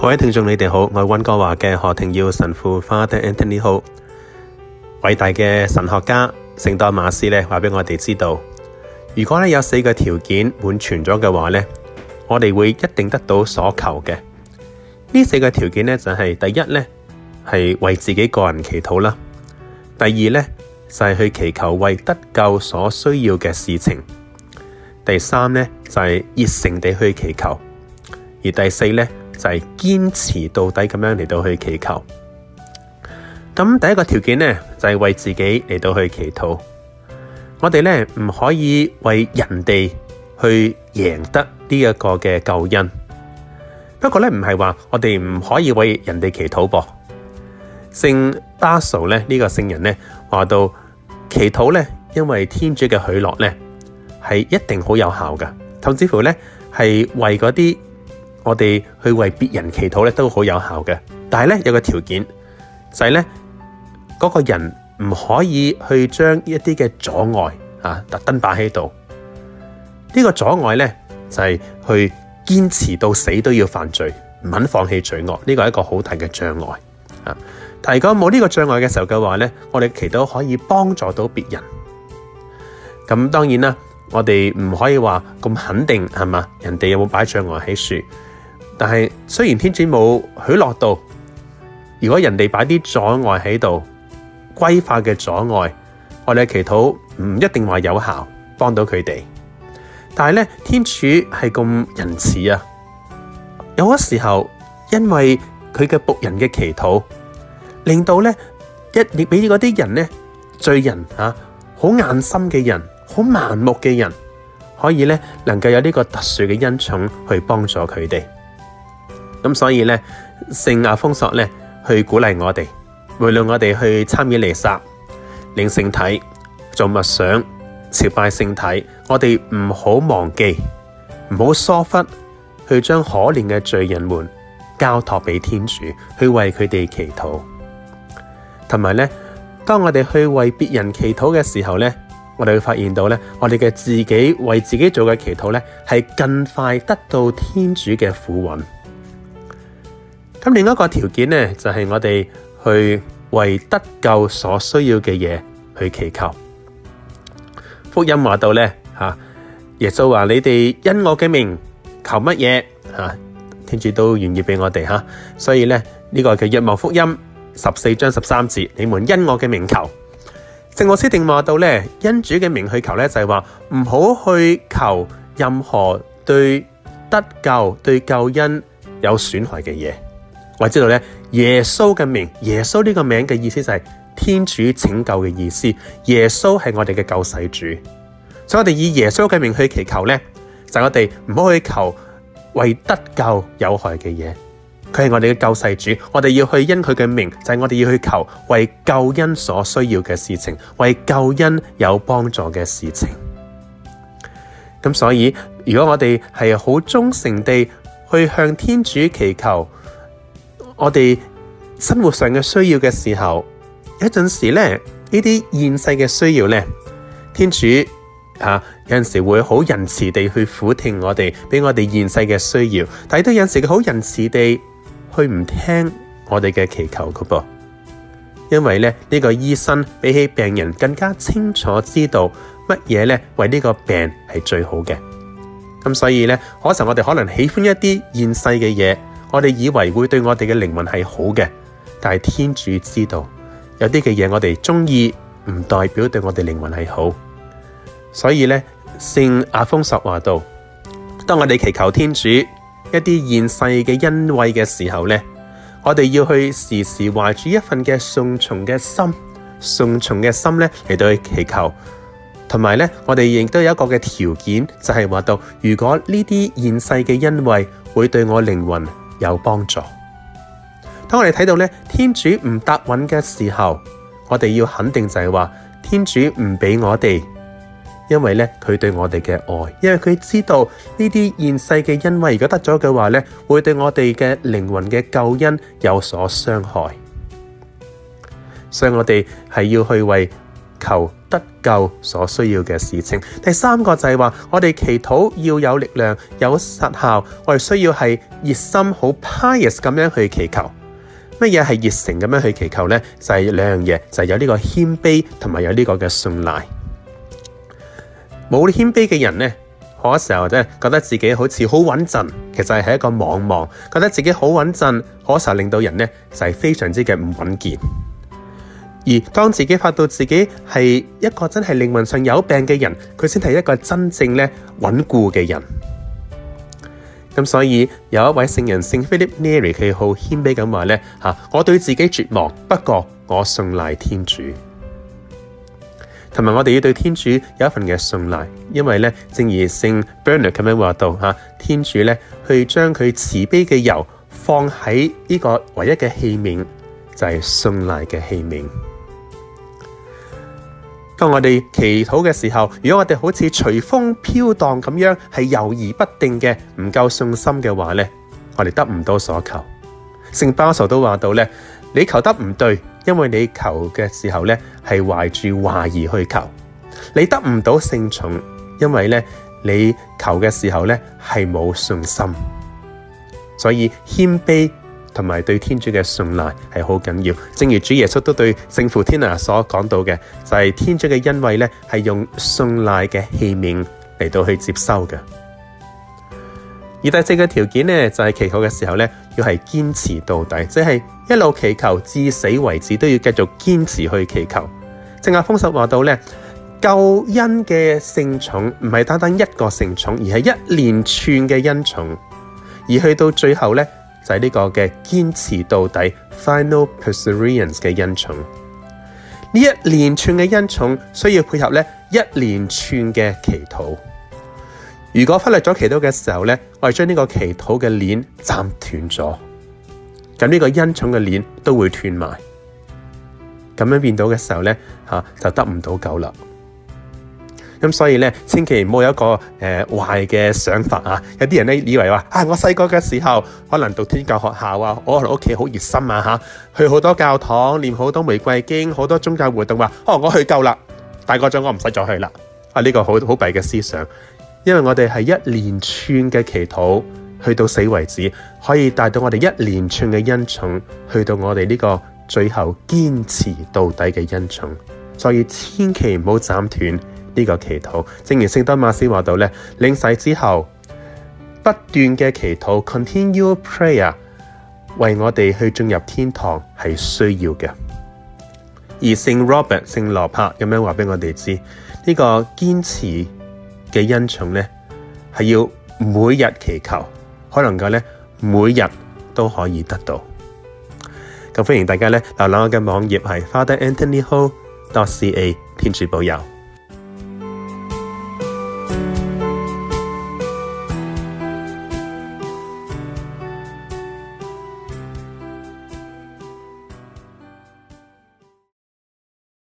各位聽眾，你哋好，我係溫哥華嘅何庭耀神父 Father Anthony 好。好偉大嘅神學家聖多馬斯呢話俾我哋知道，如果呢有四個條件滿全咗嘅話呢，我哋會一定得到所求嘅。呢四個條件呢、就是，就係第一呢係為自己個人祈禱啦，第二呢就係、是、去祈求為得救所需要嘅事情，第三呢就係熱誠地去祈求，而第四呢。就係、是、堅持到底咁樣嚟到去祈求。咁第一個條件咧就係、是、為自己嚟到去祈禱。我哋咧唔可以為人哋去贏得呢一個嘅救恩。不過咧唔係話我哋唔可以為人哋祈禱噃。聖巴蘇咧呢、這個聖人咧話到，祈禱咧因為天主嘅許諾咧係一定好有效噶，甚至乎咧係為嗰啲。我哋去為別人祈禱咧都好有效嘅，但係咧有個條件就係咧嗰個人唔可以去將一啲嘅阻礙啊特登擺喺度。呢個阻礙咧就係去堅持到死都要犯罪，唔肯放棄罪惡，呢個係一個好大嘅障礙啊。但如果冇呢個障礙嘅時候嘅話咧，我哋祈禱可以幫助到別人。咁當然啦，我哋唔可以話咁肯定係嘛，人哋有冇擺障礙喺樹？但是雖然天主冇許諾到，如果人哋把啲阻礙喺度，規劃嘅阻礙，我哋祈禱唔一定話有效幫到佢哋。但是呢，天主係咁仁慈啊，有嗰時候因為佢嘅僕人嘅祈禱，令到呢一亦俾嗰啲人呢，罪人吓，好眼心嘅人，好、啊、盲目嘅人，可以呢能夠有呢個特殊嘅恩寵去幫助佢哋。咁所以咧，聖亞封索咧去鼓勵我哋，無論我哋去參與彌撒，領聖體，做默想，朝拜聖體。我哋唔好忘記，唔好疏忽去將可憐嘅罪人們交託俾天主，去為佢哋祈禱。同埋咧，當我哋去為別人祈禱嘅時候咧，我哋會發現到咧，我哋嘅自己為自己做嘅祈禱咧，係更快得到天主嘅撫允。咁另一個條件咧，就係我哋去為得救所需要嘅嘢去祈求。福音話到咧，吓，耶穌話：，你哋因我嘅名求乜嘢吓，天主都願意俾我哋吓。所以咧，呢個叫若望福音十四章十三節，你們因我嘅名求，聖奧斯定話到咧，因主嘅名去求咧，就係話唔好去求任何對得救對救恩有損害嘅嘢。我知道耶穌嘅名，耶穌呢個名嘅意思就係天主拯救嘅意思。耶穌係我哋嘅救世主。所以我哋以耶穌嘅名去祈求呢，就係我哋唔好去求為得救有害嘅嘢。佢係我哋嘅救世主，我哋要去因佢嘅名，就係我哋要去求為救恩所需要嘅事情，為救恩有幫助嘅事情。咁所以，如果我哋係好忠誠地去向天主祈求。我哋生活上嘅需要嘅時候，有陣時咧，呢啲現世嘅需要咧，天主啊有陣時會好仁慈地去俯聽我哋，俾我哋現世嘅需要，但係都有陣時佢好仁慈地去唔聽我哋嘅祈求嘅噃，因為咧，呢個醫生比起病人更加清楚知道乜嘢咧為呢個病係最好嘅。咁所以咧，可能我哋可能喜歡一啲現世嘅嘢。我哋以為會對我哋嘅靈魂係好嘅，但係天主知道有啲嘅嘢，我哋中意唔代表對我哋靈魂係好，所以咧聖阿豐十話道，當我哋祈求天主一啲現世嘅恩惠嘅時候咧，我哋要去時時懷住一份嘅順從嘅心，順從嘅心咧嚟，到去祈求，同埋咧我哋亦都有一個嘅條件，就係話到如果呢啲現世嘅恩惠會對我靈魂。有幫助，當我哋睇到咧，天主唔答允嘅時候，我哋要肯定就係話，天主唔俾我哋，因為咧，佢對我哋嘅愛，因為佢知道呢啲現世嘅恩惠，如果得咗嘅話咧，會對我哋嘅靈魂嘅救恩有所傷害，所以我哋係要去為求得救所需要嘅事情，第三個就係話我哋祈禱要有力量、有實效，我哋需要係熱心、好 pious 咁樣去祈求。乜嘢係熱誠咁樣去祈求呢？就係、是、兩樣嘢，就係、是、有呢個謙卑同埋有呢個嘅信賴。冇謙卑嘅人呢，好多時候真係覺得自己好似好穩陣，其實係一個妄妄，覺得自己好很穩陣，好多時候令到人呢，就係、是、非常之嘅唔穩健。而當自己發到自己係一個真係靈魂上有病嘅人，佢先係一個真正咧穩固嘅人。咁所以有一位聖人，聖 Philip Neri，佢好謙卑咁話咧嚇，我對自己絕望，不過我信賴天主。同埋，我哋要對天主有一份嘅信賴，因為咧正如聖 Bernard 咁樣話到嚇，天主咧去將佢慈悲嘅油放喺呢個唯一嘅器皿，就係信賴嘅器皿。當我哋祈禱嘅時候，如果我哋好似隨風飄蕩咁樣，係猶疑不定嘅，唔夠信心嘅話呢，我哋得唔到所求。聖巴索都話到呢，你求得唔對，因為你求嘅時候呢係懷住懷疑去求，你得唔到聖寵，因為呢你求嘅時候呢係冇信心，所以謙卑。同埋對天主嘅信賴係好緊要，正如主耶穌都對聖父天啊所講到嘅，就係天主嘅恩惠咧，係用信賴嘅器皿嚟到去接收嘅。而第四嘅條件呢，就係祈求嘅時候咧，要係堅持到底，即係一路祈求至死為止都要繼續堅持去祈求。聖亞封神話到咧，救恩嘅聖寵唔係單單一個聖寵，而係一連串嘅恩寵，而去到最後咧。喺、就、呢、是、個嘅堅持到底 （final p e r s e v e i a n s 嘅恩寵，呢一連串嘅恩寵需要配合咧一連串嘅祈禱。如果忽略咗祈禱嘅時候咧，我哋將呢個祈禱嘅鏈斬斷咗，咁呢個恩寵嘅鏈都會斷埋。咁樣變到嘅時候咧，吓就得唔到救啦。咁所以咧，千祈唔好有一個誒、呃、壞嘅想法啊！有啲人咧以為話啊，我細個嘅時候可能讀天教學校啊，我可能屋企好熱心啊，嚇去好多教堂念好多玫瑰經，好多宗教活動、啊。話、啊、哦，我去夠啦，大個咗我唔使再去啦啊！呢、呢個好好弊嘅思想，因為我哋係一連串嘅祈禱，去到死為止，可以帶到我哋一連串嘅恩寵，去到我哋呢個最後堅持到底嘅恩寵。所以千祈唔好斬斷。呢、這個祈禱，正如聖多馬斯話到咧，領洗之後不斷嘅祈禱，continue prayer，為我哋去進入天堂係需要嘅。而聖 Robert 職、聖羅柏咁樣話俾我哋知，這個、堅呢個堅持嘅恩寵咧係要每日祈求，可能夠咧每日都可以得到。咁歡迎大家咧瀏覽我嘅網頁，係 Father Anthony Ho dot C A。天主保佑。